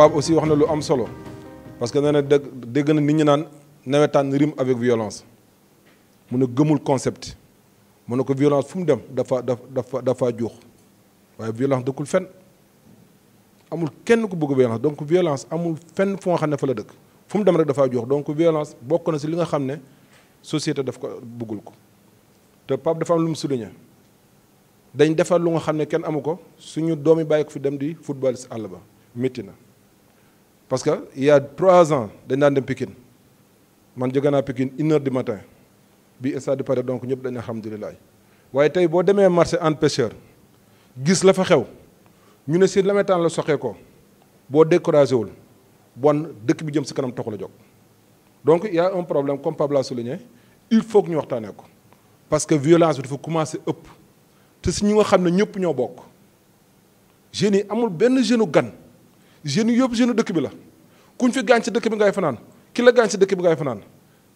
Pape aussi wax na lu am solo parce que nee na dégg dégg na nit ñi naan nawetaan rime avec violence mu ne gëmul concept mu ne ko violence fu mu dem dafa dafa dafa juux waaye violence dëkkul fenn amul kenn ku bugg violence donc violence amul fenn fu nga xam ne fa la dëkk fu mu dem rek dafa jox donc violence bokk na si li nga xam ne société daf ko buggul ko te Pape dafa am lu mu souligné dañ defar lu nga xam ne kenn amu ko suñu doomi bàyyi ko fi dem di football si àll ba métti na. parce que il y a trois ans dañ daan dem Pikine man jóge naa Pikine une heure du matin bi stade pare donc ñëpp dañ alhamdulilah waaye tey boo demee marché en Pêcheur gis la fa xew ñu ne si lametaan la soxee ko boo découragé wul bon dëkk bi jëm si kanam taxul a jóg donc il y un problème comme Pape l'a souligné il faut ñu waxtaanee ko parce que violence bi dafa commencé ëpp te si ñu nga xam ne ñëpp ñoo bokk jeunes yi amul benn jeune gan. jeunes yëpp jeune dëkk bi la kuñ fi gaañ si dëkk bi ngay fanaan ki gaañ si dëkk bi ngay fanaan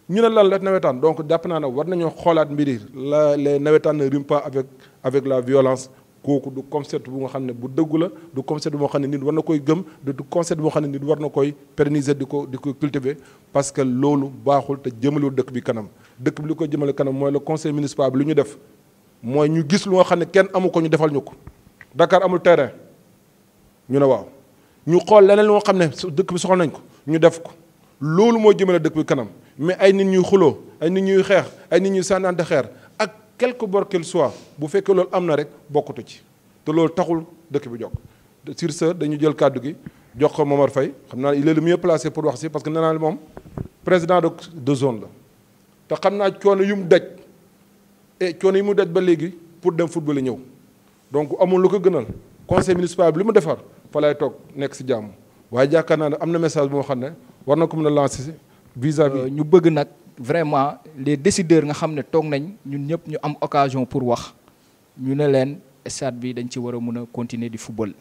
ñu ne lan la nawetaan donc dàpp naa ne war nañoo xoolaat mbir yi la les nawetaan ne riment pas avec avec la violence kooku du concept bu nga xam ne bu dëggu la du concept bu nga xam ne nit war na koy gëm du concept bu nga xam ne nit war na koy pérenniser di ko di ko cultiver parce que loolu baaxul te jëmalul dëkk bi kanam dëkk bi lu ko jëmalee kanam mooy le conseil municipal bi lu ñu def mooy ñu gis lu xam ne kenn amu ko ñu defal ñu ko Dakar amul terrain ñu ne ñu xool leneen loo xam ne dëkk bi soxla nañ ko ñu def ko loolu moo jëmale dëkk bi kanam mais ay nit ñuy xuloo ay nit ñuy xeex ay nit ñuy sànnante xeer ak quelque bord qu'il soit bu fekkee loolu am na rek bokkatu ci te loolu taxul dëkk bi jox sur ce dañu jël kàddu gi jox ko Momar Faye xam naa il est le mieux placé pour wax si parce que nee naa moom président de de zone la te xam naa coono yu mu daj et eh, coono yu mu daj ba léegi pour dem football ñëw donc amul lu ko gënal conseil municipal bi mu defar fa toog nekk si jàmm waaye jàkkaar naa ne am na message boo xam ne war na ko mën a lancer vis à euh, ñu bëgg nag vraiment les décideurs nga xam ne toog nañ ñun ñëpp ñu am occasion pour wax ñu ne leen stade bi dañ ci war a mën a continuer di football.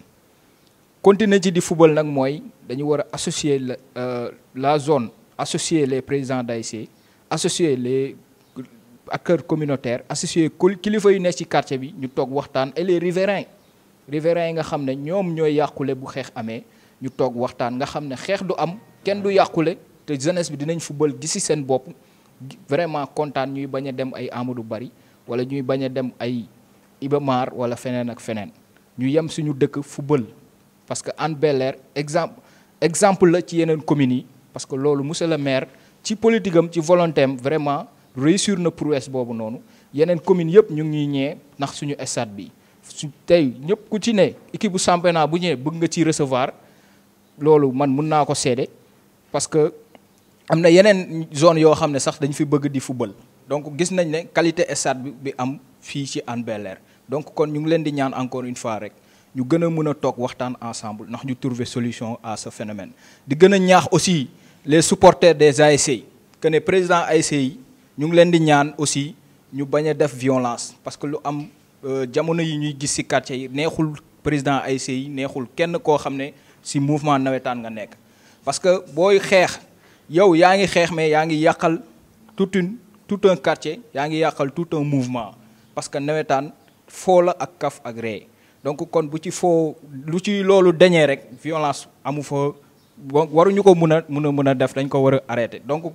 continuer ci di football nag mooy dañu war a associer la euh, la zone associer les présidents d'ASC associer les acteurs communautaires associer kilifa yu nekk ci quartier bi ñu toog waxtaan et les riverains. riverains yi nga xam ne ñoom ñooy yàqule bu xeex amee ñu toog waxtaan nga xam ne xeex du am kenn du yàqule te jeunesse bi dinañ football gisi seen bopp vraiment kontaan ñuy bañ a dem ay Amadou Bari wala ñuy bañ a dem ay Iba Mar wala feneen ak feneen ñu yem suñu dëkk football parce que en bel exemple exemple la ci yeneen communes yi parce que loolu monsieur le maire ci politique am ci volonté am vraiment réussir na prouesse boobu noonu yeneen communes yëpp ñu ngi ñuy ñee ndax suñu stade bi su tey ñëpp ku ci ne équipe bu bu ñëwee bëgg nga ci recevoir loolu man mun naa ko seede parce que am na yeneen zone yoo xam ne sax dañu fi bëgg di football donc gis nañ ne qualité stade bi am fii ci en bel donc kon ñu ngi leen di ñaan encore une fois rek ñu gën a mën a toog waxtaan ensemble ndax ñu trouver solution à ce phénomène di gën a ñaax aussi les supporters des ASC que ne président ASC yi ñu ngi leen di ñaan aussi ñu bañ a def violence parce Euh, jamono yi ñuy gis si quartier yi neexul président ay ASC yi neexul kenn koo xam ne si mouvement nawetaan nga nekk parce que booy xeex yow yaa ngi xeex mais yaa ngi yàqal tout une tout un quartier yaa ngi yàqal tout mouvement parce que nawetaan foo la ak kaf ak ree donc kon bu ci foo lu ci loolu deñee rek violence amu fa waruñu ko mun a mun a mun a def dañ ko war a arrêter donc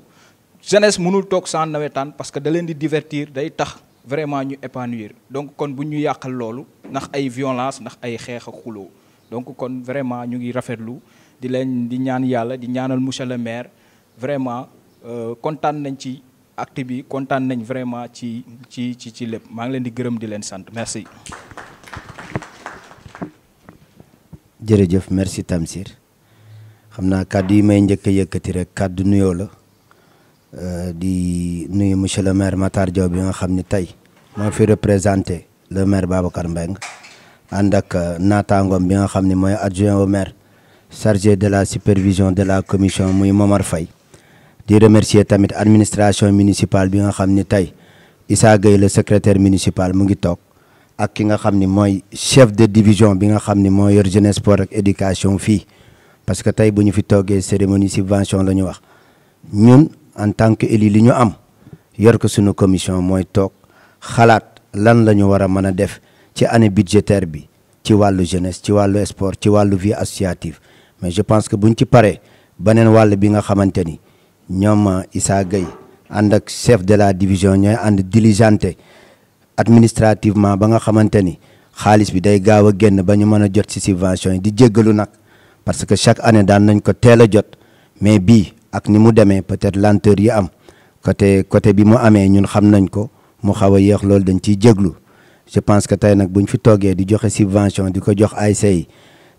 jeunesse mënul toog sans nawetaan parce que da leen di divertir day tax vraiment ñu épanouir donc kon bu ñu yàqal loolu ndax ay violence ndax ay xeex ak xuloo donc kon vraiment ñu ngi rafetlu di leen di ñaan yàlla di ñaanal monsieur le maire vraiment euh, kontaan nañ ci acte bi kontaan nañ vraiment ci ci ci ci lépp maa ngi leen di gërëm di leen sant merci. jërëjëf merci Tamsir xam naa kàddu yi may njëkk a yëkkati rek kàddu nuyoo la. Euh, di nuyu monsieur le maire Matar bi nga xam ni tey moo fi représenté le maire Babacar Mbengue ànd ak euh, naataangoom bi nga xam ne mooy adjoint au maire sarge de la supervision de la commission muy Momar fay di remercier tamit administration municipale bi nga xam ni tey Issa Gueye le secrétaire municipal mu ngi toog ak ki nga xam ni mooy chef de division bi nga xam ni moo yor jeunesse sport ak éducation fii parce que tey bu ñu fi toogee cérémonie subvention la ñu wax ñun en tant que élu li ñu am yor ko suñu commission mooy toog xalaat lan la ñu war a mën a def ci année budgétaire bi ci wàllu jeunesse ci wàllu sport ci wàllu vie associative mais je pense que bu ñu ci paree beneen wàll bi nga xamante ni ñoom euh, Issa Gueye ànd ak chef de la division ñooy ànd diligenté administrativement ba nga xamante ni xaalis bi day gaaw a génn ba ñu mën a jot ci subvention yi di jéggalu nag parce que chaque année daan nañ ko teel a jot mais bii ak ni mu demee peut-être lenteur yi am côté côté bi mu amee ñun xam nañ ko mu xaw a yéex loolu dañ ciy jéglu je pense que tey nag bu ñu fi toogee di joxe subvention di ko jox ASC yi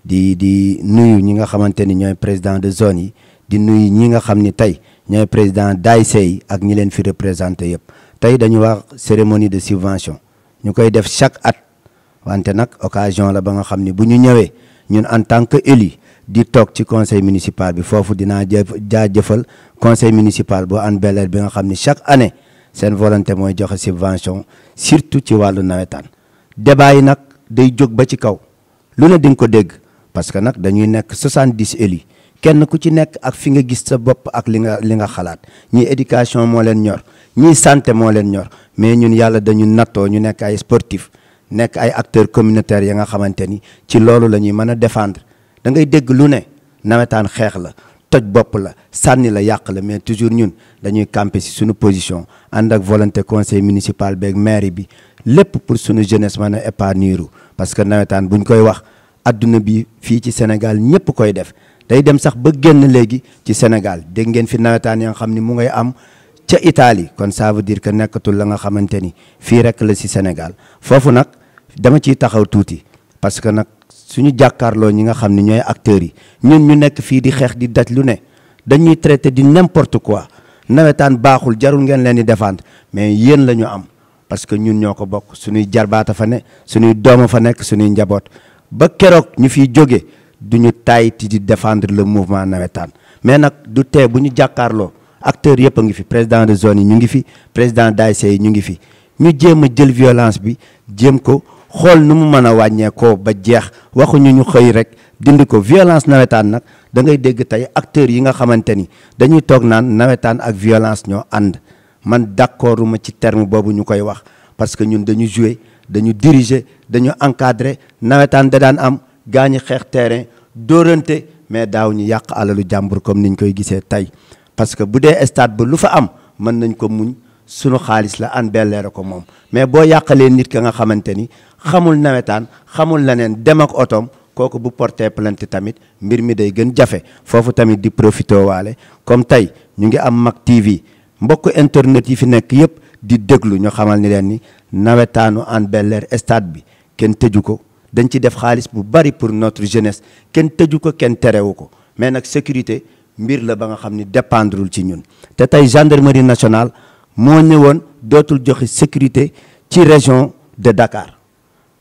di di nuyu ñi nga xamante ni ñooy président de zone yi di nuyu ñi nga xam ni tey ñooy président d'ASC yi ak ñi leen fi représenté yëpp tey dañu wax cérémonie de subvention ñu koy def chaque at wante nag occasion la ba nga xam ni bu ñu ñëwee ñun en tant que élu di toog ci conseil municipal bi foofu dinaa jaajëfal conseil municipal bu Hann bel bi nga xam ni chaque année seen volonté mooy joxe subvention surtout ci wàllu nawetaan débat yi nag day jóg ba ci kaw lu ne di nga ko dégg parce que nag dañuy nekk 70 élus kenn ku ci nekk ak fi nga gis sa bopp ak li nga li nga xalaat ñii éducation moo leen ñor ñii santé moo leen ñor mais ñun yàlla dañu nattoo ñu nekk ay sportif nekk ay acteurs communautaires ya nga xamante ni ci loolu la ñuy mën a défendre da ngay dégg lu ne nawetaan xeex la toj bopp la sànni la yàq la mais toujours ñun dañuy camper si suñu position ànd ak volonté conseil municipal beeg maire bi lépp pour sunu jeunesse mën a parce que nawetaan buñ koy wax adduna bi fii ci Sénégal ñëpp koy def day dem sax ba génn léegi ci Sénégal dégg ngeen fi nawetaan ya nga xam ni mu ngay am ca Italie kon ça veut dire que nekkatul la nga xamante ni fii rek la si Sénégal foofu nag dama ci taxaw tuuti que nag. suñu jàkkaarloo ñi nga xam ne ñooy acteurs yi ñun ñu nekk fii di xeex di daj lu ne dañuy traité di n'importe quoi nawetaan baaxul jarul ngeen leen di défendre mais yéen la ñu am parce que ñun ñoo ko bokk suñuy jarbaata fa ne suñuy dooma fa nekk suñuy njaboot ba keroog ñu fiy jóge du ñu ti di defendre le mouvement nawetaan mais nag du tee bu ñu jàkkaarloo acteurs yëpp a ngi fi président de zone yi ñu ngi fi président d'ASC yi ñu ngi fi ñu jéem a jël violence bi jéem ko xool nu mu mën a wàññeekoo ba jeex waxuñu ñu xëy rek dindi ko violence nawetaan nag dangay ngay dégg tey acteurs yi nga xamante ni dañuy toog naan nawetaan ak violence ñoo ànd man d'accorduma ci terme boobu ñu koy wax parce que ñun dañu jouer dañu diriger dañu encadrer nawetaan da daan am gaañi xeex terrain dóorante mais daaw ñu yàq alalu jàmbur comme niñ koy gisee tey parce que bu dee stade ba lu fa am mën nañ ko muñ sunu xaalis la an belleer ko moom mais boo yàqalee nit ka nga xamante ni xamul nawetaan xamul leneen dem ak otoom kooku bu porté plainte tamit mbir mi day gën jafe foofu tamit di profité waale comme tey ñu ngi am Mak TV mbokk internet yi fi nekk yëpp di déglu ñu xamal ni leen ni nawetaanu Hann Bel-Air stade bi kenn tëju ko dañ ci def xaalis bu bari pour notre jeunesse kenn tëju ko kenn terewu ko mais nag sécurité mbir la ba nga xam ni dépendrul ci ñun moo ñëwoon dootul joxe sécurité ci région de Dakar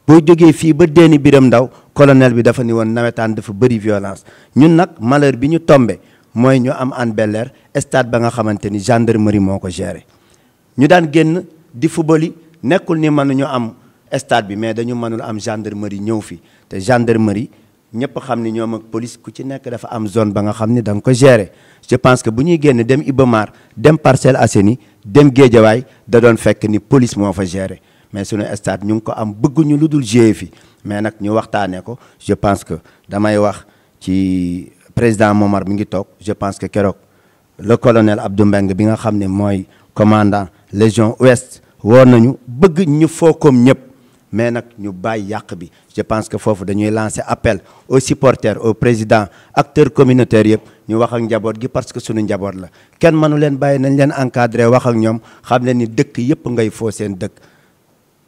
boo jógee fii ba Déni Biram Ndaw colonel bi dafa ni woon nawetaan dafa bëri violence ñun nag malheur bi ñu tombe mooy ñu am an bel stade ba nga xamante ni gendarmerie moo ko géré ñu daan génn di football yi nekkul ni mënuñu am stade bi mais dañu mënul am gendarmerie ñëw fi te gendarmerie ñëpp xam ni ñoom ak police ku ci nekk dafa am zone ba nga xam ni da nga ko gérer je pense que bu ñuy génn dem Ibamar dem Parcelles Assainies dem géejawaay da doon fekk ni police moo fa géré mais suñu stade ñu ngi ko am bëgguñu lu dul GIE fi mais nag ñu waxtaanee ko je pense que damay wax ci président Momar mi ngi toog je pense que keroog le colonel Abdou Mbeng bi nga xam ne mooy commandant légion ouest woo nañu bëgg ñu foo kom ñëpp. mais nag ñu bàyyi yàq bi je pense que foofu dañuy lancer appel aux supporters aux président acteur communautaires yëpp ñu wax ak njaboot gi parce que suñu njaboot la kenn mënu leen bàyyi nañ leen encadré wax ak ñoom xam leen ni dëkk yëpp ngay foo seen dëkk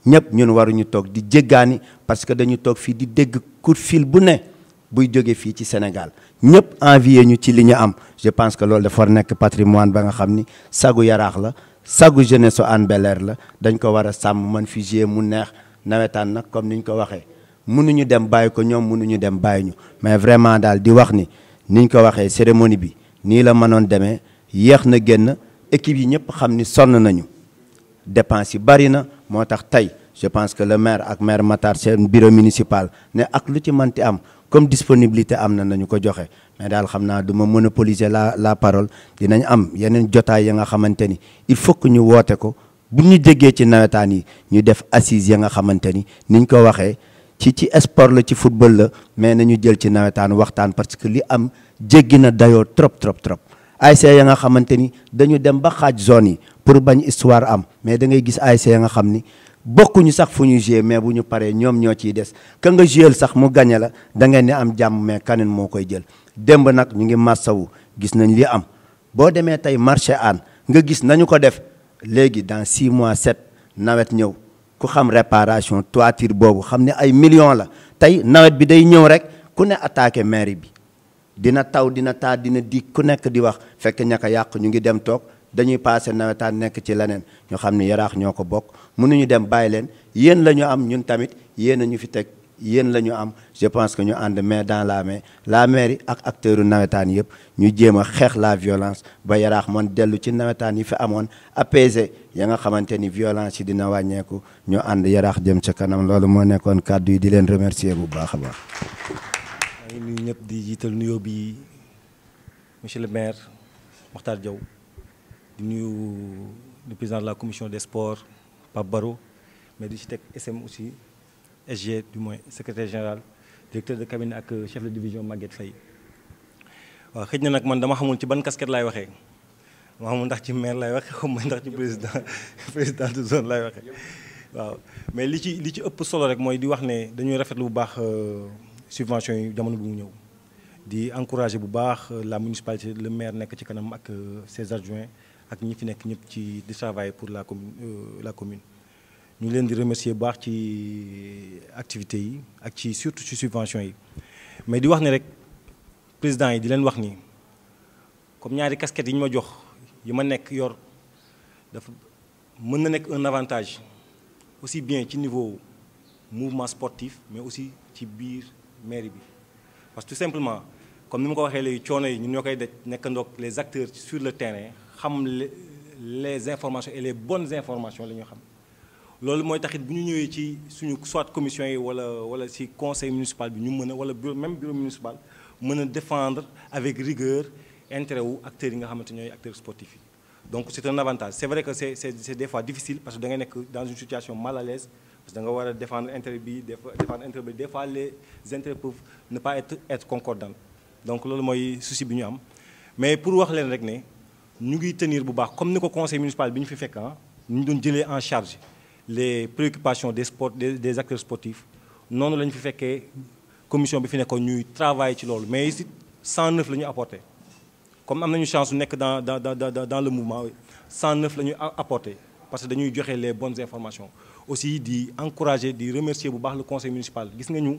ñëpp ñun waruñu toog di jéggaani parce que dañu toog fii di dégg coup de bu ne buy jóge fii ci Sénégal ñëpp envier ñu ci li ñu am je pense que loolu dafa nekk patrimoine ba nga xam ni sagu yaraax la sagu jeunesse su Hann la dañ ko war a sàmm man fi mu neex nawetaan nag comme niñ ko waxee ñu dem bàyyi ko ñoom mënuñu dem bàyyi ñu mais vraiment daal di wax ni niñ ko waxee cérémonie bi nii la mënoon demee yéex na génn équipe yi ñëpp xam ni sonn nañu dépense yi bari na moo tax tey je pense que le maire ak maire Matar seen bureau municipal ne ak lu ci manti am comme disponibilité am na nañu ko joxe mais daal xam naa du ma monopoliser la la parole dinañ am yeneen jotaay ya nga xamante ni il faut que ñu woote ko bu ñu jéggee ci nawetaan yi ñu def assise ya nga xamante ni niñ ko waxee ci ci sport la ci football la mais nañu jël ci nawetaan waxtaan parce que li am jéggi na dayoo trop trop trop ASC ya nga xamante ni dañu dem ba xaaj zone yi pour bañ histoire am mais da ngay gis ASC ya nga xam ni bokkuñu sax fu ñu joué mais bu ñu paree ñoom ñoo ciy des ka nga joué sax mu gañe la da ngeen ni am jàmm mais kaneen moo koy jël démb nag ñu ngi wu gis nañ li am boo demee tey marché aan nga gis nañu ko def léegi dans six mois sept nawet ñëw ku xam réparation toiture boobu xam ne ay millions la tey nawet bi day ñëw rek ku ne attaqué mairie bi dina taw dina taa dina di ku nekk di wax fekk ñaka yàq ñu ngi dem toog dañuy passé nawetaan nekk ci leneen ñu xam ne yaraax ñoo ko bokk mënuñu dem bàyyi leen yéen la ñu am ñun tamit yéen ñu fi teg yéen la ñu am je pense que ñu ànd mais dans la mais la mairie ak acteur nawetaan yëpp ñu jéem a xeex la violence ba yaraax man dellu ci nawetaan yi fi amoon apaiser ya nga xamante ni violence yi dina wàññeeku ñu ànd yaraax jëm ca kanam loolu moo nekkoon kàddu yi di leen remercier bu baax a baax. ñëpp di jiital nuyoo bi monsieur le maire Makhtar Diaw di la commission des sports Pape Baro di ci aussi. SG du moins secrétaire général directeur de cabinet ak euh, chef de division Maguette Faye waaw xëj na nag man dama xamul ci ban casquette laay waxee ma xamul ndax ci maire laay waxee xamuma ndax ci président président de zone laay waxee waaw mais li ci li ci ëpp solo rek mooy di wax ne dañuy rafetlu bu baax euh, subvention yi jamono bi mu ñëw di encourager bu baax euh, la municipalité le maire nekk ci kanam ak ses adjoints ak ñi fi nekk ñëpp ci di travail pour la commune la commune ñu leen di remercier baax ci activités yi ak ci surtout ci subventions yi mais di wax ni rek président yi di leen wax nii comme ñaari casquettes yi ñu ma jox yi ma nekk yor dafa mën na nekk un avantage aussi bien ci niveau mouvement sportif mais aussi ci biir mairie bi parce que tout simplement comme ni ma ko waxee léegi coono yi ñun ñoo koy daj nekkandoog les acteurs sur le terrain xam les informations et les bonnes informations la ñu xam loolu mooy taxit bu ñu ñëwee ci suñu soit commission yi wala wala ci conseil municipal bi ñu mën wala bureau même bureau municipal mën a défendre avec rigueur intérêt wu acteurs yi nga xamante ñooy acteurs sportifs yi donc c'est un avantage c'est vrai que c'est c'est c'est des difficile parce que da nekk dans une situation mal à parce que da war a défendre intérêt bi des fois défendre intérêt bi des les intérêts ne pas être être donc loolu mooy souci bi ñu am mais pour wax leen rek ne ñu ngi tenir bu baax comme ni ko conseil municipal bi ñu fi fekk ah ñu doon jëlee en les préoccupations des sports des, des acteurs sportifs noonu la ñu fi fekkee commission bi fi nekkoon ñuy travailler ci loolu mais ici 109 la ñu apporté comme am nañu chance su nekk dans dans dans dans le mouvement lañu la ñu apporté parce que dañuy joxe les bonnes informations aussi di encourager di remercier bu baax le conseil municipal gis nga ñu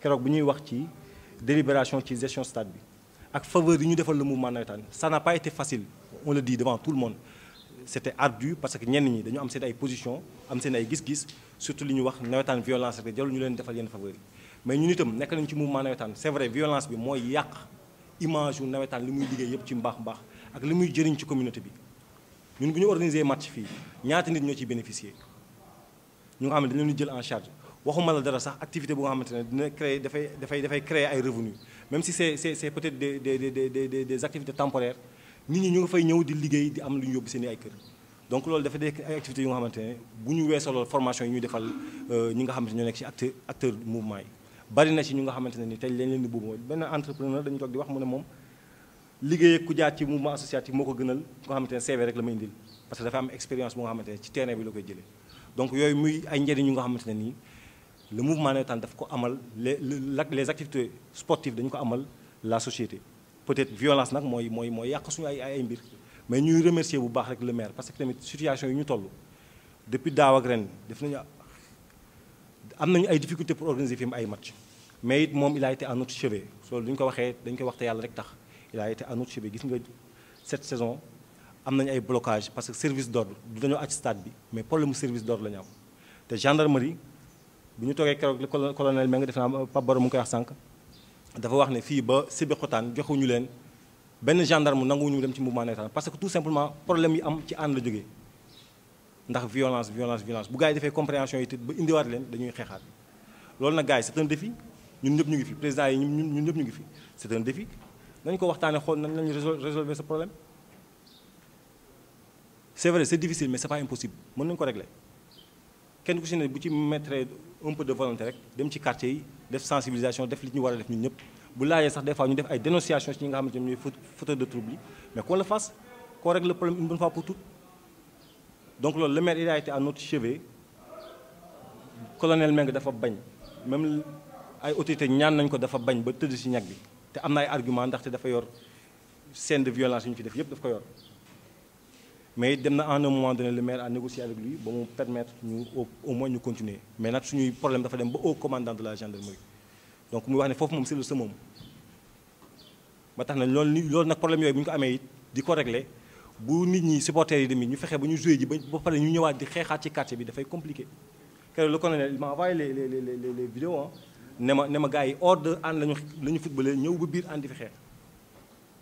keroog bu ñuy wax ci délibération ci gestion stade bi ak faveur yi ñu defal le mouvement navétane ça n'a pas été facile on le dit devant c'était ardu parce que ñenn ñi dañu am seen ay position am seen ay gis-gis surtout li ñu wax nawetaan violence rek jarul ñu leen defal yenn faveur mais ñun itam nekk nañ ci mouvement nawetaan c'est vrai violence bi mooy yàq image wu nawetaan li muy liggéey yëpp ci mbaax mbaax ak li muy jëriñ ci communauté bi ñun bu ñu organiser match fii ñaata nit ñoo ci bénéficier ñu nga xam ne dañu leen jël en charge waxuma la dara sax activité bu nga xamante ne dina créer dafay dafay dafay créer ay revenus même si c'est c'est c'est peut-être des des nit ñi ñu nga fay ñëw di liggéey di am lu ñu yóbbu seen i ay kër donc loolu dafa nekk ay activités yu nga xamante ne bu ñu weesaloo formation yi ñu defal euh, ñi nga xamante ne ñoo nekk ci acteur acteur mouvement yi bari na ci ñu nga xamante ne ni tey leen leen di buub mooy benn entrepreneur dañu toog di wax mu ne moom liggéey ku jaar ci mouvement associatif moo ko gënal nga xamante ne CV rek la may indil parce que dafa am expérience bu nga xamante ne ci terrain bi la koy jëlee donc yooyu muy ay njëriñ yu nga xamante ne nii le mouvement navétane daf ko amal les les activités sportives dañu ko amal la société peut-être violence nag mooy mooy mooy yàq ñu ay ay mbir mais ñuy remercier bu baax rek le maire parce que tamit situation yi ñu toll depuis daaw ak ren def nañu am nañu ay difficultés pour organiser fi mu ay match mais it moom il a été à notre chevet lu duñ ko waxee dañ koy waxte yàlla rek tax il a été à notre chevet gis nga set saison am nañu ay blocage parce que service d'ordre du dañoo àcc stade bi mais problème service d'ordre la ñu am te gendarmerie bu ñu def naa Pape dafa wax ne fii ba Sébikotane joxuñu leen benn gendarme ñu dem ci mouvement navétane parce que tout simplement problème yi am ci ànd la jógee ndax violence violence violence bu gars yi defee compréhension yi te ba indiwaat leen dañuy xeexaat loolu nag gars yi c'est un défi ñun ñëpp ñu ngi fi président yi ñun ñun ñëpp ñu ngi fi c'est un défi nañu ko waxtaanee xool nañ lañu résolver ce problème c'est vrai c'est difficile mais c'est pas impossible mën nañ ko régler kenn ku si bu ci mettre un peu de volonté rek dem ci quartier yi def sensibilisation def li ñu war a def ñun ñëpp bu laajee sax des fois ñu def ay dénonciation ci ñi nga xamante ne ñooy fauteurs de trouble yi mais qu'on le fasse qu'on règle le problème une bonne fois pour donc loolu le maire il a été à notre chevet colonel Meng dafa bañ même ay autorités ñaan nañ ko dafa bañ ba tëdd ci ñag bi te am na ay argument ndaxte dafa yor scène de violence yu ñu fi def yëpp daf ko yor mais dem na en un moment donné le maire a négocié avec lui ba mu permettre ñu au moins ñu continuer mais nag suñuy problème dafa dem ba au commandant de la gendarmerie donc muy wax ne foofu moom c'est le sa moom ba tax na loolu loolu nag problème yooyu bu ñu ko amee it di ko régler bu nit ñi supporters yi demee ñu fexe ba ñu joué ji ba pare ñu ñëwaat di xeexaat ci quartier bi dafay compliqué keroog le colonel il m'a envoyé les les les les ne ma yi hors de ànd lañu la ñu footballé ñëw ba biir ànd di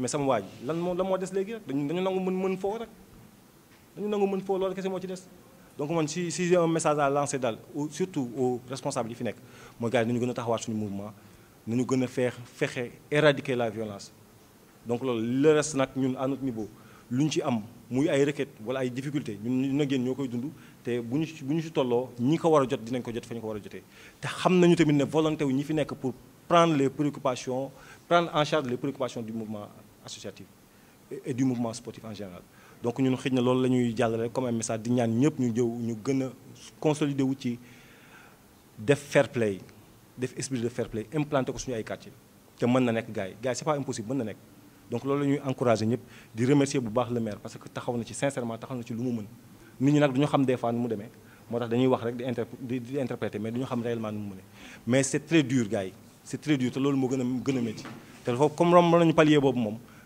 mais sama waa lan moo lan moo des léegi rek dañu dañu nangu mën mën foo rek dañu nangu mën foo loolu kese moo ci des donc man si si j'ai message à lancer daal surtout aux responsables yi fi nekk mooy gars yi nañu gën a taxawaat suñu mouvement nañu gën a feex fexe éradiquer la violence donc loolu le reste nag ñun à notre niveau lu ñu ci am muy ay requêtes wala ay difficultés ñun na génn ñoo koy dund te bu ñu ci bu ñu ci tolloo ñi ko war a jot dinañ ko jot fa ñu ko war a jotee te xam nañu tamit ne volonté wu ñi fi nekk pour prendre les préoccupations prendre en charge les préoccupations du mouvement associative et du mouvement sportif en général donc ñun xëy na loolu la ñuy jàllale comme un message di ñaan ñëpp ñu jëw ñu gën a consolider wu ci def fair play def esprit de fair play implanté ko suñu ay quartier te mën na nekk gars yi c'est pas impossible mën na nekk donc loolu la ñuy encouragé ñëpp di remercier bu baax le maire parce que taxaw na ci sincèrement taxaw na ci lu mu mën nit ñi nag duñu xam des nu mu demee moo tax dañuy wax rek di inter di interpréter mais duñu xam réellement nu mu mënee mais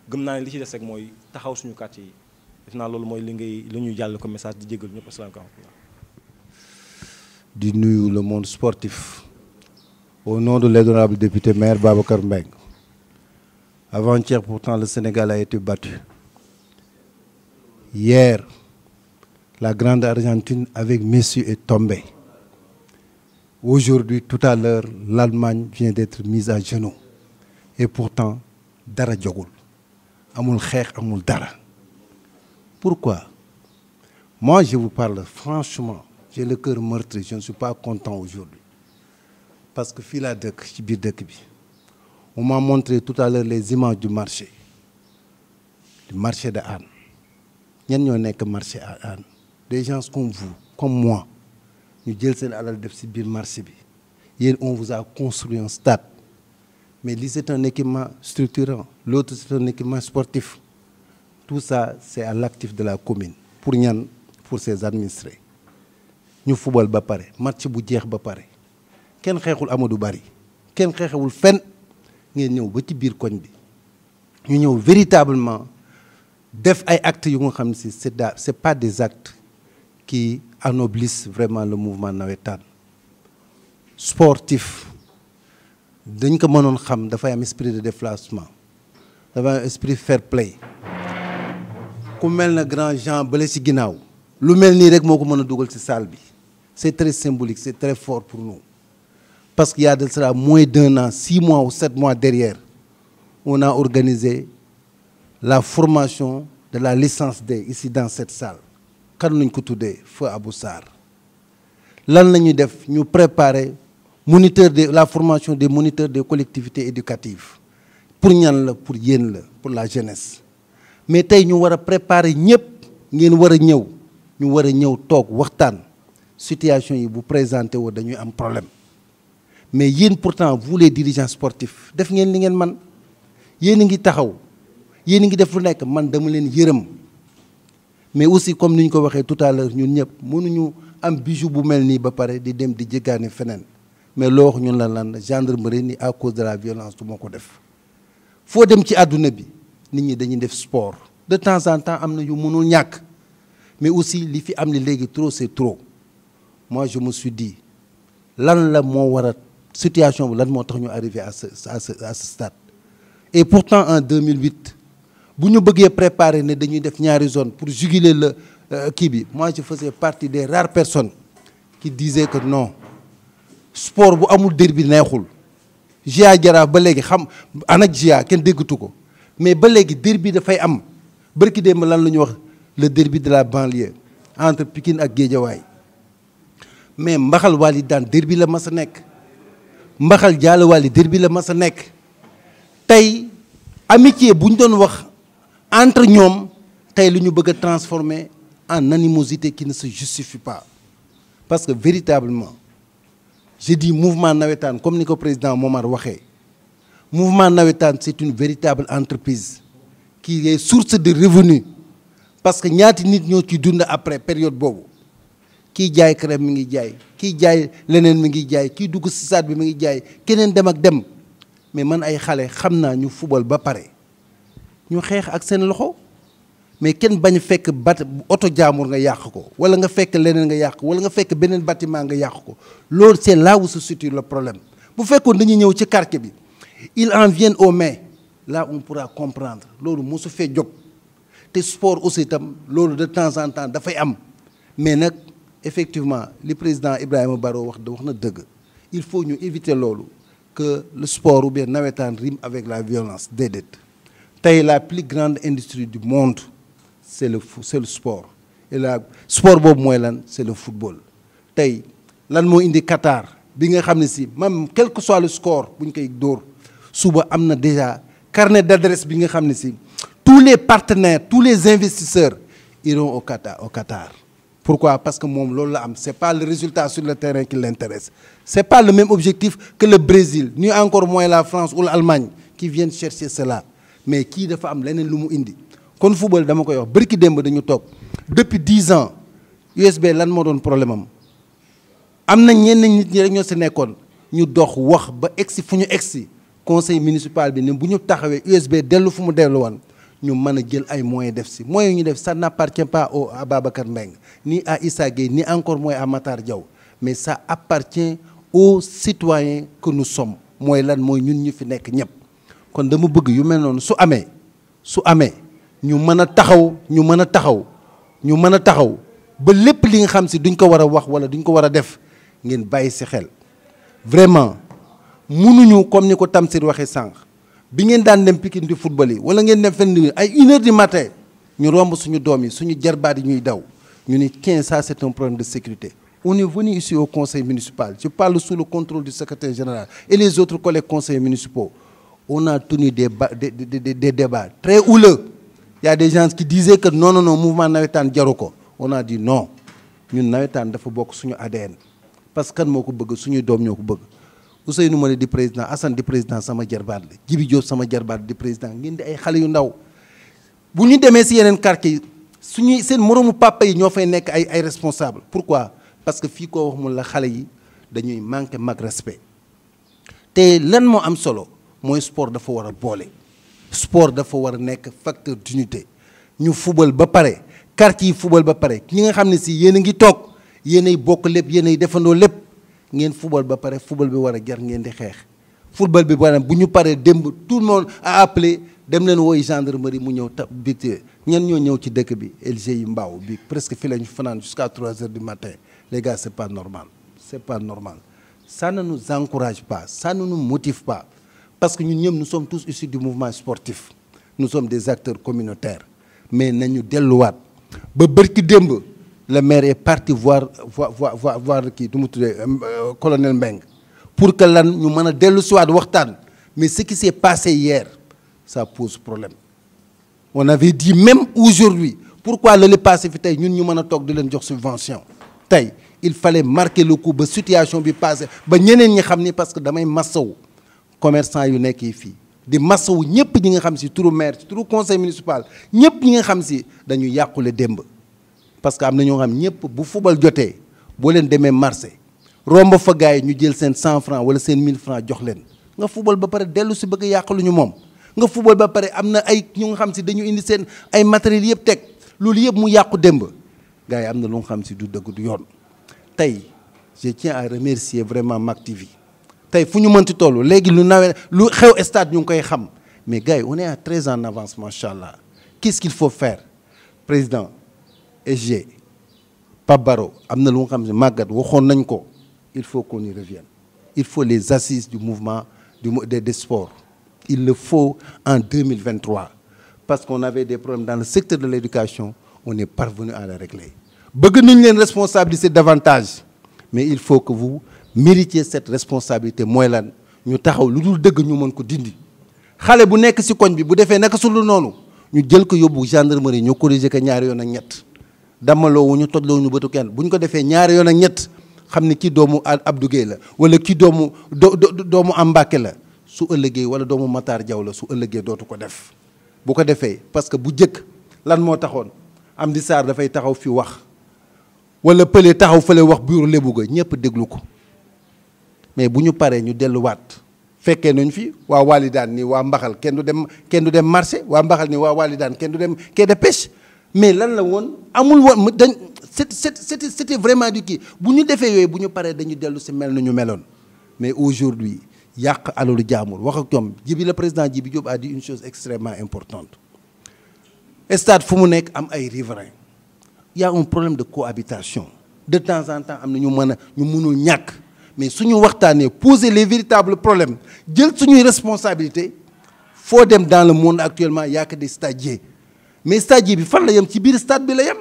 gëm naa li ci des rek mooy taxaw suñu quartier yi def naa loolu mooy li ngay li ñuy jàll ko message di jégal ñëpp asalaamaaleykum di nuyu le monde sportif au nom de l'honorable député maire Babacar Mbengue avant-hier pourtant le Sénégal a été battu hier la grande Argentine avec Messi est tombée aujourd'hui tout à l'heure l'Allemagne vient d'être mise à genoux et pourtant dara jogul amul xeex amul dara pourquoi moi je vous parle franchement j'ai le cœur meurtri je ne suis pas content aujourd'hui parce que fii laa dëkk ci biir dëkk bi on m'a tout à l'heure les images du marché du marché de Hann ñan ñoo nekk marché à Hann des gens comme vous comme moi ñu jël seen alal def ci biir marché bi yéen on vous a construit un stade mais lii c'est un équipement structurant l'autre c'est un équipement sportif tout ça c'est à l'actif de la commune pour ñan pour ses administrés ñu fubal ba pare match bu jeex ba pare kenn xeexul Amadou Bari kenn xeexewul fenn ngeen ñëw ba ci biir koñ bi ñu ñëw véritablement def ay actes yu nga xam ne si c'est c'est pas des actes qui ennoblissent vraiment le mouvement nawetaan sportif dañ ko mënoon xam dafay am esprit de déplacement dafay am esprit fair play ku mel na grand Jean bale si ginnaaw lu mel nii rek moo ko mën a dugal ci salle bi c'est très symbolique c'est très fort pour nous parce que y de cela mooy d'un an six mois ou sept mois derrière on a organisé la formation de la licence D ici dans cette salle kan lañ ko tuddee feu abu sar lan la ñuy def ñu préparer moniteur de la formation des moniteurs des collectivités éducatives pour ñan la pour yéen la pour la jeunesse mais tey ñu war a préparer ñëpp ngeen war a ñëw ñu war a ñëw toog waxtaan situation yi bu présenté woo dañuy am problème mais yéen pourtant vous les dirigeants sportifs def ngeen li ngeen man yéen a ngi taxaw yéen a ngi def lu nekk man dama leen yërëm mais aussi comme ni ñu ko waxee tout à ñun ñëpp mënuñu am bijou bu mel nii ba pare di dem di jéggaani feneen mais loo wax ñun lan lan gendarmerie ni à cause de la violence du moo ko def foo dem ci àdduna bi nit ñi dañuy def sport de temps en temps am na yu mënul ñàkk mais aussi li fi am li léegi trop c'est trop mois je me suis lan la moo war a situation bi lan moo tax ñu arrivé a ce à ce stade et pourtant en 2008 bu ñu bëggee préparer ne dañuy def ñaari zone pour juguler la euh, kii bi moi je fase partie des rares personnes qui disaient que non sport bu amul derbi neexul Gia Jaraaf ba léegi xam anak Gia kenn déggatu ko mais ba léegi derbi dafay am bërki démb lan la ñuy wax le derbi de la banlieue entre Pikine ak Guédiawaye mais mbaxal Wally daan derbi la mas a nekk mbaxal jaale Wally derbi la mas a nekk tey amitié bu ñu doon wax entre ñoom tey lu ñu bëgg a transformer en animosité qui ne sa justifie pas parce que véritablement je dis mouvement nawetaan comme ni ko président Momar waxee mouvement nawetaan c'est une véritable entreprise kii est source de revenus parce que ñaati nit ñoo ci dund après période boobu kii jaay crème mi ngi jaay kii jaay leneen mi ngi jaay kii dugg si saat bi mi ngi jaay keneen dem ak dem mais man ay xale xam naa ñu fubal ba pare ñu xeex ak seen loxo. mais kenn bañ fekk bat oto jaamur nga yàq ko wala nga fekk leneen nga yàq wala nga fekk beneen bâtiment nga yàq ko loolu seen là où se situe le problème bu fekkoon dañuy ñëw ci quartier bi ils en viennent aux mains là on pourra comprendre loolu mosu fee jog te sport aussi itam loolu de temps en temps dafay am mais nag effectivement li président Ibrahima Baro wax da wax na dëgg il faut ñu éviter loolu que le sport ou bien nawetaan rime avec la violence déedéet tey la plus grande industrie du c'est le c'est le sport et la sport boobu mooy lan c'est le football tey lan moo indi Qatar bi nga xam ne si même quel que soit le score bu ñu koy dóor suba am na déjà carnet d'adresse bi nga xam ne si tous les partenaires tous les investisseurs iront au Qatar au Qatar pourquoi parce que moom loolu la am c'est pas le résultat sur le terrain qui l'intéresse c'est pas le même objectif que le Brésil ni encore moins la France ou l'Allemagne qui viennent chercher cela mais kii dafa am leneen lu mu indi kon football dama koy wax bërki démb dañu toog depuis dix ans USB lan moo doon problème am am na ñenn nit ñi rek ñoo si nekkoon ñu dox wax ba egsi fu ñu egsi conseil municipal bi ne bu ñu taxawee USB dellu fu mu dellu waan ñu mën a jël ay moyens def si moyens yu ñu def ça n'appartient pas au à Babacar Mbengue ni à Issa ni encore mooy à Matar Diaw mais ça appartient aux citoyens que nous sommes mooy lan mooy ñun ñu fi nekk ñëpp kon dama bëgg yu mel noonu su amee su amee ñu mën a taxaw ñu mën a taxaw ñu mën a taxaw ba lépp li nga xam si duñ ko war a wax wala duñ ko war a def ngeen bàyyi si xel vraiment munuñu comme ni ko Tamsir waxee sànq bi ngeen daan dem Pikine di football yi wala ngeen dem fenn ay une heure du matin ñu romb suñu doom yi suñu jarbaat yi ñuy daw ñu ni quinze ça c'est un problème de sécurité on est venu ici au conseil municipal je parle sous le contrôle du secrétaire général et les autres collègues conseillers municipaux on a tenu des ba des, des, des, des débats très houleux y a des gens qui disaient que non non non mouvement nawetaan jaru ko on a dit non ñun nawetaan dafa bokk suñu ADN parce que kan moo ko bëgg suñuy doom ñoo ko bëgg nu Mane di président Assane di président sama jarbaat la Jibi Diop sama jarbaat di président ngeen di ay xale yu ndaw bu ñu demee si yeneen quartier yi suñuy seen moroomu papa yi ñoo fay nekk ay ay responsable pourquoi parce que fii ko wax mun la xale yi dañuy manqué mag respect te lan moo am solo mooy sport dafa war a sport dafa war a nekk facteur d'unité ñu fubal ba pare quartier yi fubal ba pare ñi nga xam ne si yéen a ngi toog yéen ay bokk lépp yéen ay defandoo lépp ngeen fubal ba pare fubal bi war a jar ngeen di xeex. football bi maanaam bu ñu paree démb tout le monde a appelé dem leen woy wooy gendarmerie mu ñëw ta bi ñen ñoo ñëw ci dëkk bi LG yi mbaaw bi presque fii la ñu fanaan jusqu'à trois heures du matin les c'est pas normal c'est pas normal ça ne pas ça ne nous parce que ñun ñëpp nous sommes tous issus du mouvement sportif nu sommes des acteurs communautaires mais nañu delluwaat ba bërki démb le maire est parti voir voir voir voir kii du mu tuddee euh, euh, colonel Mbengue pour que lan ñu mën a dellu siwaat waxtaan mais ce qui s'est passé hier ça pose problème on avait di même aujourd'hui pourquoi lali passé fi tey ñun ñu mën a toog di leen jox subvention tey il fallait marquer le coup ba situation bi passé ba ñeneen ñi xam ni parce que damay massaw commerçant yu nekk nekkee fii di masawu ñëpp ñi nga xam si turu maire ci turu conseil municipal ñëpp ñi nga xam si dañu yàqule démb parce que am na ñoo xam ñëpp bu fubal jotee boo leen demee marché romb fa yi ñu jël seen cent franc wala seen mille franc jox leen nga fubal ba pare dellu si bëgg yàqaluñu moom nga fubal ba pare am na ay ñu nga xam si dañu indi seen ay matériel yëpp teg loolu yëpp mu yàqu démb gars yi am na lu nga xam si du dëgg yoon tey je tiens à remercier vraiment Mak TV tey fu ñu mënti toll léegi lu nawee lu xew stade ñu ngi koy xam mais gars yi on est à ans en avance macha allah qu'est-ce qu'il faut faire président SG Pape Baro am na lu nga xam ne màggat waxoon nañ ko il faut qu'on y revienne il faut les assises du mouvement du des des sports il le faut en 2023 parce qu'on avait des problèmes dans le secteur de l'éducation on est parvenu à les régler bëgg nañ leen responsabiliser davantage mais il faut que vous mérité cette responsabilité mooy lan ñu taxaw lu dul dëgg ñu mën ko dindi xale bu nekk ci koñ bi bu defee naka su lu noonu ñu jël ko yóbbu gendarmerie ñu corrigé ko ñaari yoon a ñett damaloo wu ñu tojloo ñu bëtu kenn bu ñu ko defee ñaari yoon a ñett xam ne kii doomu Abdou Guèye la wala kii doomu doomu Ambacke la su ëllëgee wala doomu Matar Diaw la su ëllëgee dootu ko def. bu ko defee parce que bu jëkk lan moo taxoon Amdi Sarr dafay taxaw fi wax wala Pële taxaw fële wax buur lébu ñëpp déglu ko. mais bu ñu paree ñu delluwaat fekkee nañ fi waa daan ni waa Mbaxal kenn du dem kenn du dem marché waa Mbaxal ni waa Walidaan kenn du dem quai de pêche mais lan la woon amul woon dañ c'était c'était vraiment du kii bu ñu defee yooyu bu ñu paree dañu dellu si mel na ñu meloon mais aujourd'hui yàq alalu jaamur wax ak ñoom jibi la président Djibi Diop a dit une chose extrêmement importante stade fu mu nekk am ay riverains y a un problème de cohabitation de temps en temps am na ñu mën a ñu mënul ñàkk mais suñu waxtaanee poser les véritables problème jël suñuy responsabilité foo dem dans le monde actuellement y a que des mais stagiaire bi fan la yem ci biir stade bi la yem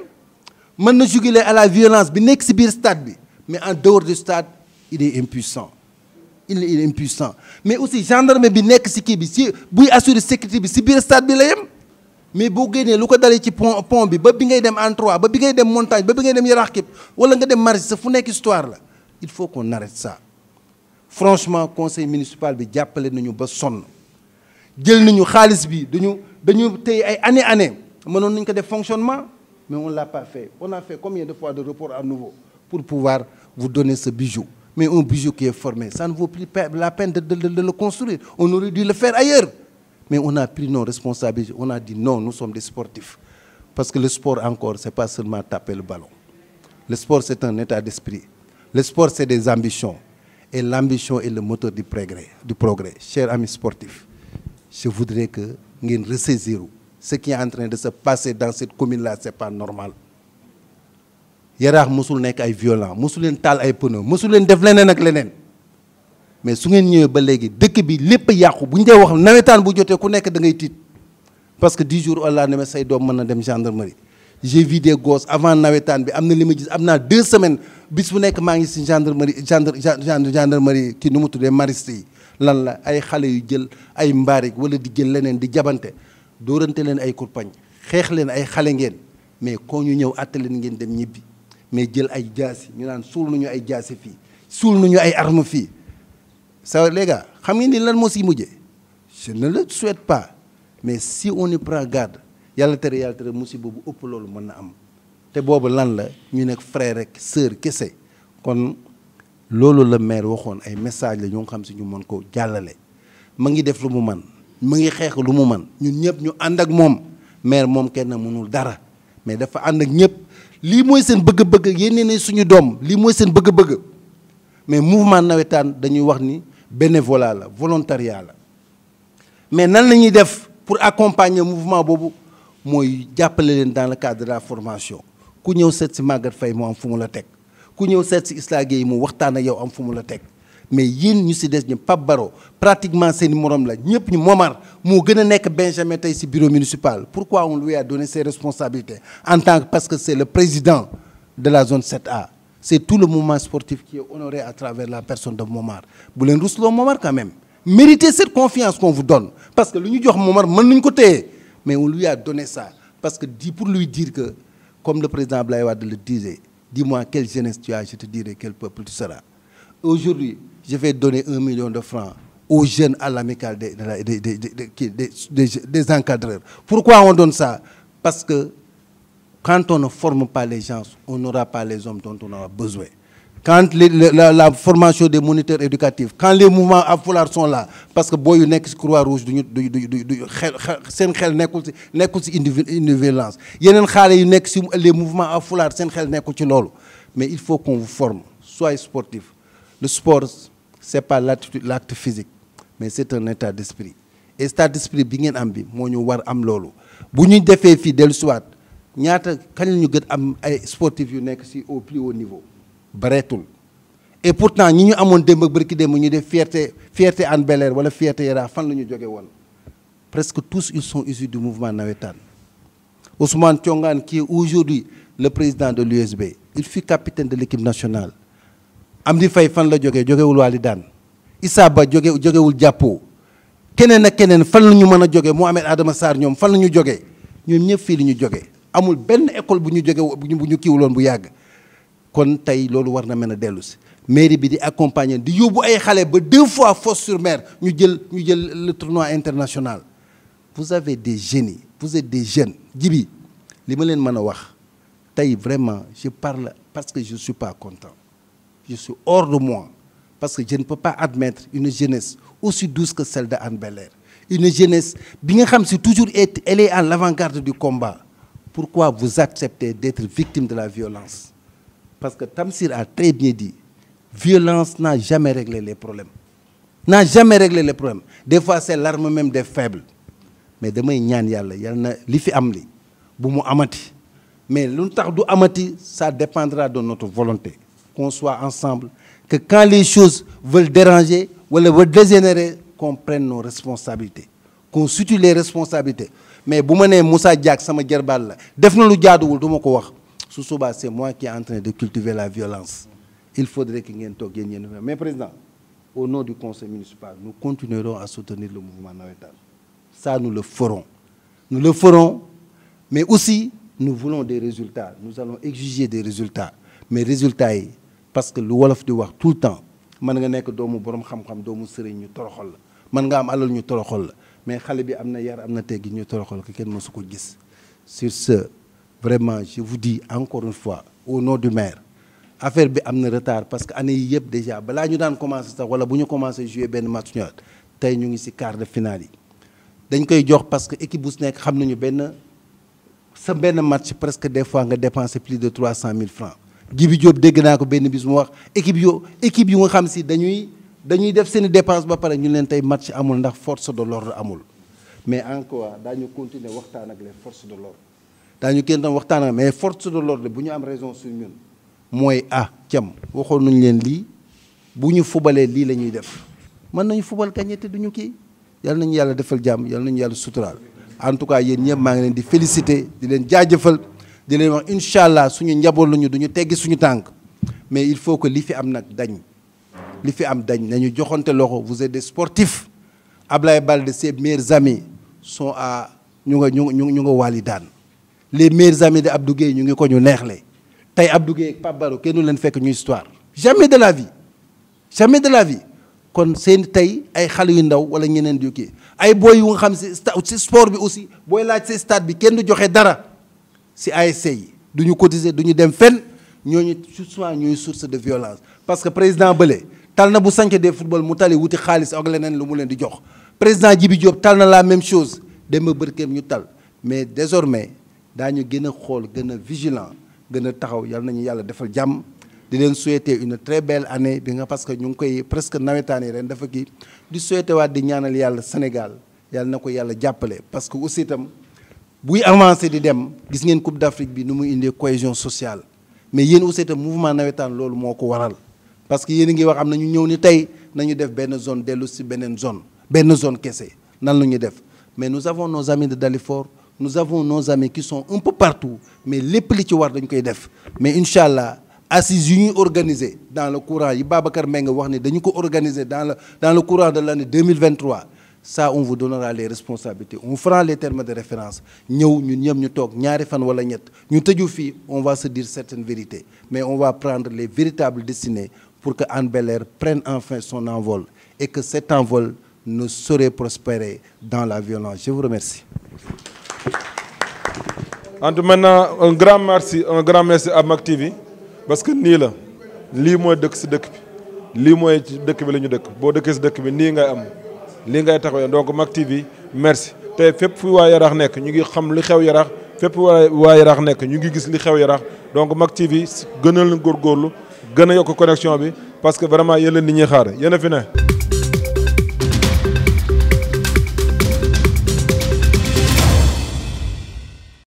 mën na juguler à la violence bi nekk ci biir stade bi mais en dehors du stade il est impuissant il est impuissant mais aussi gendarme bi nekk ci kii bi si buy assurer sécurité bi ci biir stade bi la yem mais boo génnee lu ko dalee ci pont pont bi ba bi ngay dem en trois ba bi ngay dem montagne ba bi ngay dem yaraax képp wala nga dem marché sa fu nekk histoire la il faut qu'on arrête ça franchement conseil municipal bi jàppale ñu ba sonn jël ñu xaalis bi dañu ñu tey ay année année mënoon nañu ko def fonctionnement mais on l'a pas fait on a fait combien de fois de report à nouveau pour pouvoir vous donner ce bijou mais un bijou qui est formé ça vaut plus la peine de de, le construire on aurait dû le faire ailleurs mais on a pris nos responsabilités on a dit non nous sommes des sportifs parce que le sport encore c'est pas seulement taper le ballon le sport c'est un Le sport, c'est des ambitions. Et l'ambition est le moteur du progrès, du progrès. Chers amis sportifs, je voudrais que vous ressaisiez ce qui est en train de se passer dans cette commune-là, ce n'est pas normal. yaraax mosul nekk ay violent mosu leen taal ay pneu mosu leen def leneen ak leneen mais su ngeen ñëwee ba léegi dëkk bi lépp yàqu buñ ñu dee wax nawetaan bu jotee ku nekk da ngay tiit parce que dix jours au lendemain say doom mën na dem gendarmerie j'ai vu des nawetaan bi am na li ma gis am naa deux semaines bis bu nekk maa ngi si gendarmerie gendre gendarmerie kii nu mu tuddee mariste yi lan la ay xale yu jël ay mbaarik wala di jël leneen di jabante dóorante leen ay kurpañ xeex leen ay xale ngeen mais koo ñu ñëw àtte leen ngeen dem ñibbi mais jël ay jaasi ñu naan suul nañu ay jaasi fii suul nañu ay arme fii ça les xam ngeen ni lan moo si mujjee je ne le souhaite pas mais si on y prend garde yàlla tere yàlla tere musiba bu ëpp loolu mën na am te boobu lan la ñu nekk frère rek sœur kese kon loolu la maire waxoon ay message la ñu nga xam si ñu mën ko jàllale ma ngi def lu mu man mu ngi xeex lu mu man ñun ñëpp ñu ànd ak moom maire moom kenn mënul dara mais dafa ànd ak ñëpp lii mooy seen bëgg-bëgg yéen ne suñu doom lii mooy seen bëgg-bëgg mais mouvement nawetaan dañuy wax ni bénévolat la volontariat la mais nan la ñuy def pour accompagner mouvement boobu mooy jàppale leen dans le cadre la formation ku ñëw seet si Maguette Faye mu am fu mu la teg ku ñëw seet si Isla Gueye mu waxtaan ak yow am fu mu la teg mais yéen ñu si des ñu Pape Baro pratiquement seen morom la ñëpp ñu Momar moo gën a nekk Benjamin tey si bureau municipal pourquoi on lui a donné ses responsabilités en tant que parce que c'est le président de la zone 7 c'est tout le mouvement sportif qui est honoré à travers la personne de Momar bu leen rusloo Momar quand même méritez Comme le président Ablaye Wade le disait, dis-moi quelle jeunesse tu as, je te dirai quel peuple tu seras. Aujourd'hui, je vais donner un million de francs aux jeunes à l'amicale des, des, des, des, encadreurs. Pourquoi on donne ça Parce que quand on ne forme pas les gens, on n'aura pas les hommes dont on aura besoin. quand la, la, formation des moniteurs éducatifs, quand les mouvements à foulard sont là, parce que boy nek croix rouge du sen xel nekul nekul ci violence yenen xalé yu nek les mouvements à foulard sen xel nekul ci lolu mais il faut qu'on vous forme soyez sportif le sport c'est pas l'acte physique mais c'est un état d'esprit et cet état d'esprit bi ngeen am bi moo ñu war am lolu bu ñu defee défé fi delu ñaata kañ ñu gëd am ay sportifs yu nek ci au plus haut niveau bareetul et pourtant ñi ñu amoon démb ak bërki démb ñu def fierté fierté Hann Bel-Air wala fierté Yara fan la ñu jóge woon presque tous ils sont issus du mouvement nawetaan Ousmane Thionghane qui est aujourd'hui le président de l'USB il fut capitaine de l'équipe nationale di fay fan la jógee jógewul daan Issa Ba jóge jógewul jàppoo keneen ak keneen fan la ñu mën a jóge Mohamed Adama Sarr ñoom fan la ñu jógee ñoom ñëpp fii la ñu jógee amul benn école bu ñu jóge bu ñu kiiwuloon bu yàgg kon tey loolu war na mën a dellu si mairie bi di accompagner di yóbbu ay xale ba deux fois Fos-sur-Mer ñu jël ñu jël le tournoi international vous avez des génies vous êtes des jeunes jibi li ma leen mën a wax tey vraiment je parle parce que je suis pas content je suis hors de moi parce que je ne peux pas admettre une jeunesse aussi douce que celle de Anne une jeunesse bi nga xam si toujours elle est en l'avant-garde du combat pourquoi vous acceptez d'être victime de la violence Parce que Tamsir a très bien dit, violence n'a jamais réglé les problèmes. N'a jamais réglé les problèmes. Des fois, c'est l'arme même des faibles. Mais demain, il y na des fi amli, amati. Mais l'untardou amati, ça dépendra de notre volonté. Qu'on soit ensemble, que quand les choses veulent déranger wala veulent dégénérer, qu'on prenne nos responsabilités, qu'on situe les responsabilité Mais si je Moussa Diak, c'est mon gerbal, je ne le ko pas, su subaa c'est moi qui est en train de cultiver la violence il faudrait que ngeen toog yéen yéen mais président au nom du conseil municipal nous continuerons à soutenir le mouvement navétane ça nous le ferons nous le ferons mais aussi nous voulons des résultats nous allons exiger des résultats mais résultats yi parce que lu wolof di wax tout le temps mën nga nekk doomu borom xam-xam doomu sëriñ ñu toroxal la mën nga am alal ñu toroxal la mais xale bi am na yar am na teggi ñu toroxal kenn mësu ko gis sur vraiment je vous dis encore une fois au nom du maire affaire bi am na retard parce que année yi yëpp déjà balaa ñu daan commencé sax wala bu ñu commencé jouer benn match ñëwaat tey ñu ngi ci quart de finale yi dañ koy jox parce que équipe bu su nekk xam nañu benn sa benn match presque des fois nga dépenser plus de trois cent mille francs Gibi Diop dégg naa ko benn bis mu wax équipe yo équipe yu nga xam si dañuy dañuy def seen i dépense ba pare ñu leen tey match amul ndax force de l'ordre amul mais encore daañu continuer waxtaan ak les forces de l'ordre daañu kenn tam waxtaan mais force de l'ordre bu ñu am raison suñ ñun mooy ah cam waxoon nañ leen lii bu ñu fubalee lii la ñuy def mën nañu fubal kañ te duñu kii yal nañu yàlla defal jàmm yal nañu yàlla suturaal en tout cas yéen ñëpp maa ngi leen di féliciter di leen jaajëfal di leen wax incha allah suñu njaboot lañu duñu teggi suñu tànk mais il faut que li fi am nag dañ li fi am dañ nañu joxante loxo vous êtes des sportifs Ablaye Balde ses meilleurs amis sont à ñu nga ñu ñu ñu nga wàlli daan les meilleurs amis de Abdou ñu ngi ko ñu neexle tey Abdou Guèye ak kenn du leen fekk ñu histoire jamais de la vie jamais de la vie kon seen tey ay xale yu ndaw wala ñeneen yu kii ay booy yu nga xam si si sport bi aussi booy laaj si stade bi kenn du joxe dara si ay yi du ñu cotiser du ñu dem fenn ñooñu souvent ñooy source de violence parce que président Bële tal na bu sanc des football mu tali wuti xaalis ak leneen lu mu leen di jox président Djibi Diop tal na la même chose dem ba bërkeem ñu tal mais désormais daañu gën a xool gën a vigilant gën a taxaw yal nañu yàlla defal jàmm di leen souhaiter une très belle année bi nga parce que ñu ngi koy presque nawetaan yi ren dafa kii di souhaiter waat di ñaanal yàlla Sénégal yàlla na ko yàlla jàppale parce que aussi itam buy avancé di dem gis ngeen coup d'Afrique bi nu muy indee cohésion sociale mais yéen aussi itam mouvement nawetaan loolu moo ko waral parce que yéen a ngi wax am na ñu ñëw ni tey nañu def benn zone dellu si beneen zone benn zone kese nan la ñuy def mais nous avons nos amis de Dalifort nous avons nos amis qui sont un partout mais lépp li ci war dañ koy def mais incha allah assises yu ñuy organiser dans le courant yi Babacar nga wax ne dañu ko organiser dans le dans le courant de l' année 2023 ça on vous donnera les responsabilités on fera les termes de référence ñëw ñun ñëpp ñu toog ñaari fan wala ñett ñu tëju fii on va se dire certaines vérités mais on va prendre les véritables destinées pour que Hann Bel-Air prenne enfin son envol et que cet envol ne saurait prospérer dans la violence je en tout maintenant un grand merci un grand TV parce que nii la lii mooy dëkk si dëkk bi lii mooy ci dëkk bi la ñu dëkk boo dëkkee si dëkk bi nii ngay am lii ngay taxawee donc Mak TV merci tey fépp fu waa Yaraax nekk ñu ngi xam li xew Yaraax fépp waa waa Yaraax nekk ñu ngi gis li xew Yaraax donc Mak TV gën a góorgóorlu gën a yokk connexion bi parce que vraiment yéen ni ñuy xaar yéen a fi ne.